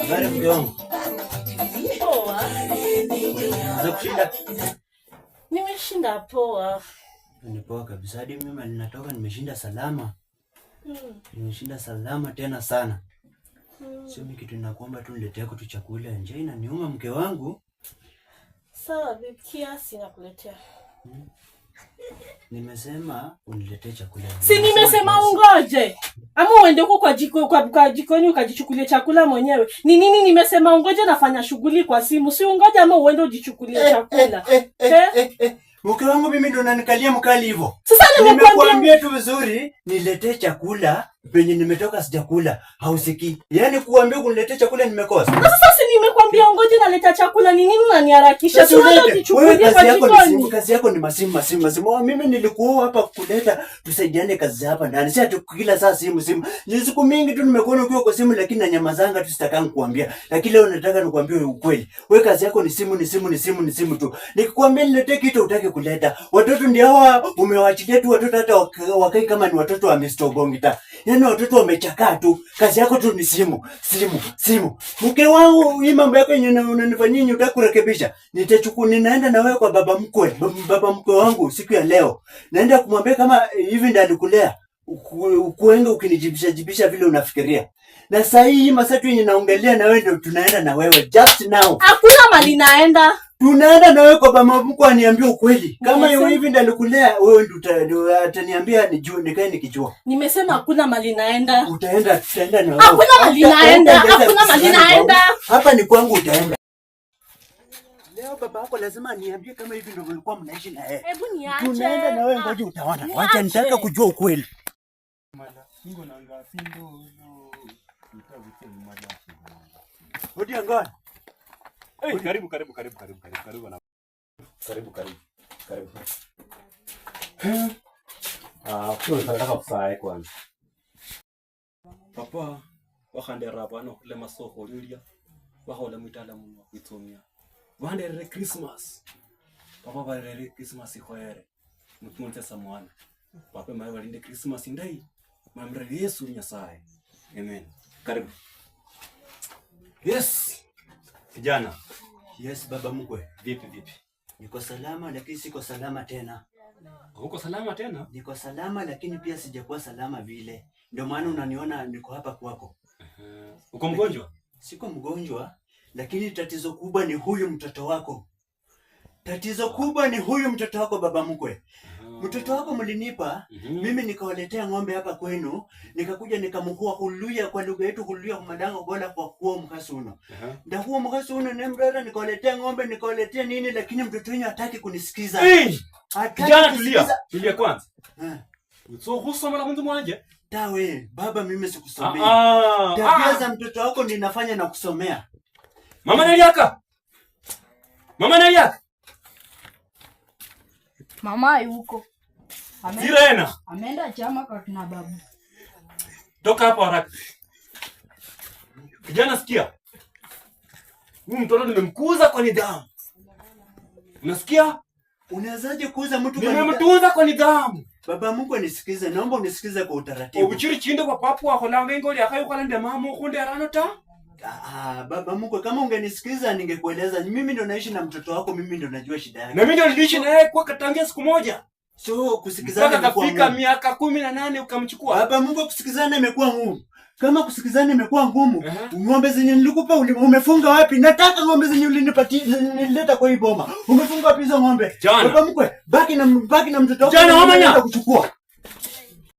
Habari mjomba. Poa. Zakushinda? Nimeshinda poa. Ni poa kabisa. Hadi mimi ninatoka nimeshinda salama. Mm. Nimeshinda salama tena sana. Mm. Sio mimi kitu ninakuomba tu niletee kitu cha nje inaniuma mke wangu. Sawa, vipi kiasi nakuletea. Mm. Nimesema uniletee chakula. Si nimesema ungoje, ama uende huko kwa jiko, kwa, kwa jikoni ukajichukulie chakula mwenyewe. Ni nini nimesema ungoje? Nafanya shughuli kwa simu, si ungoje ama uende ujichukulie eh, eh, chakula. Eh, Mke wangu mimi ndo nanikalia mkali hivyo. Sasa nimekuambia tu vizuri, niletee chakula penye nimetoka sijakula hausiki. Yaani kuambia kuniletea chakula nimekosa. Na sasa si nimekwambia ngoje naleta chakula ni nini unaniharakisha? Wewe kazi yako ni simu, kazi yako ni masimu masimu masimu. Oh, mimi nilikuoa hapa kuleta tusaidiane kazi hapa ndani. Sasa tukila saa simu simu. Ni siku mingi tu nimekuona ukiwa kwa simu lakini na nanyamazanga tu sitaka kukuambia. Lakini leo nataka nikuambie ukweli. Wewe kazi yako ni simu ni simu ni simu ni simu tu. Nikikwambia niletee kitu utaki kuleta. Watoto ndio hawa umewaachilia tu watoto hata wakai kama ni watoto wa Mr. Bongita. Yaani watoto wamechakaa tu, kazi yako tu ni simu, simu, simu. Mke wangu, hii mambo yako yenye unanifanyia nyinyi utakurekebisha. Nitachukua ninaenda na wewe kwa baba mkwe, baba mkwe wangu siku ya leo. Naenda kumwambia kama hivi ndio alikulea. Ukuenge ukinijibisha jibisha vile unafikiria. Na saa hii masatu yenye naongelea na wewe ndio tunaenda na wewe just now. Hakuna mali naenda. Tunaenda na wewe kwa mama mkuu aniambia ukweli. Kama hiyo hivi ndio nikulea wewe ndio ataniambia ni juu nikae nikijua. Nimesema hakuna mali naenda. Utaenda tutaenda na wewe. Hakuna mali naenda. Hakuna mali naenda. Hapa ni kwangu utaenda. Leo baba yako lazima aniambie kama hivi ndio ulikuwa mnaishi na yeye. Hebu niache. Tunaenda na wewe ngoja utaona. Wacha nitaka kujua ukweli. Mala. Singo na ngapi ndio ndio. Nitavutia mala. Hodi angani. Hey, karibu karibu karibu karibu karibu karibu na karibu karibu karibu. Ah, kwa nataka kusaye kwanza. Papa wakhandera bana kule masoko lilia wahola mwitala muno kuitumia. Wanderere Christmas. Papa barere Christmas ihoere. Mtumunte samwana. Papa mawe walinde Christmas indai. Mamre Yesu nyasaye. Amen. Karibu. Yes. Kijana. Yes, baba mkwe. Vipi vipi? Niko salama lakini siko salama tena. Uko salama tena? Niko salama lakini pia sijakuwa salama vile. Ndio maana unaniona niko hapa kwako. Uh-huh. Uko mgonjwa? Siko mgonjwa, lakini tatizo kubwa ni huyu mtoto wako. Tatizo kubwa ni huyu mtoto wako baba mkwe. Uh-huh mtoto wako mlinipa mm -hmm. Mimi nikawaletea ng'ombe hapa kwenu, nikakuja nikamhua huluya kwa lugha yetu huluya madanga bola kwa kuo mkasi uno uh -huh. Ndahuo mkasi uno nemrara, nikawaletea ng'ombe nikawaletea nini, lakini mtoto wenyu hataki kunisikiza. Kijana, tulia tulia kwanza ha. Eh. So husoma na mtu mwanje tawe baba, mimi sikusomea ah, ah, tabia za mtoto wako ninafanya na kusomea. Mama naliaka, mama naliaka, mama yuko Sirena. Ameenda chama kwa kina babu. Toka hapo haraka. Kijana sikia. Huyu mtoto nimemkuza kwa nidhamu. Unasikia? Unawezaje kuuza mtu kwa nidhamu? Nimemtunza kwa nidhamu. Baba Mungu anisikize, naomba unisikize kwa utaratibu. Ubuchiri chinde kwa papu wako na wengo ya kayo kwa ndema mu kunde ta? Ah, ah, baba Mungu kama ungenisikiza ningekueleza. Mimi ndio naishi na mtoto wako, mimi ndio najua shida yake. Na mimi ndio niliishi naye kwa katangia siku moja. So kusikizana kafika miaka kumi na nane ukamchukua. Baba Mungu kusikizana imekuwa ngumu. Kama kusikizana imekuwa ngumu, uh -huh. Ng'ombe zenye nilikupa umefunga wapi? Nataka ng'ombe zenye ulinipatia nilileta kwa hii boma. Umefunga wapi hizo ng'ombe? Baba mkwe, baki na baki na mtoto wako. Jana wamanya kuchukua.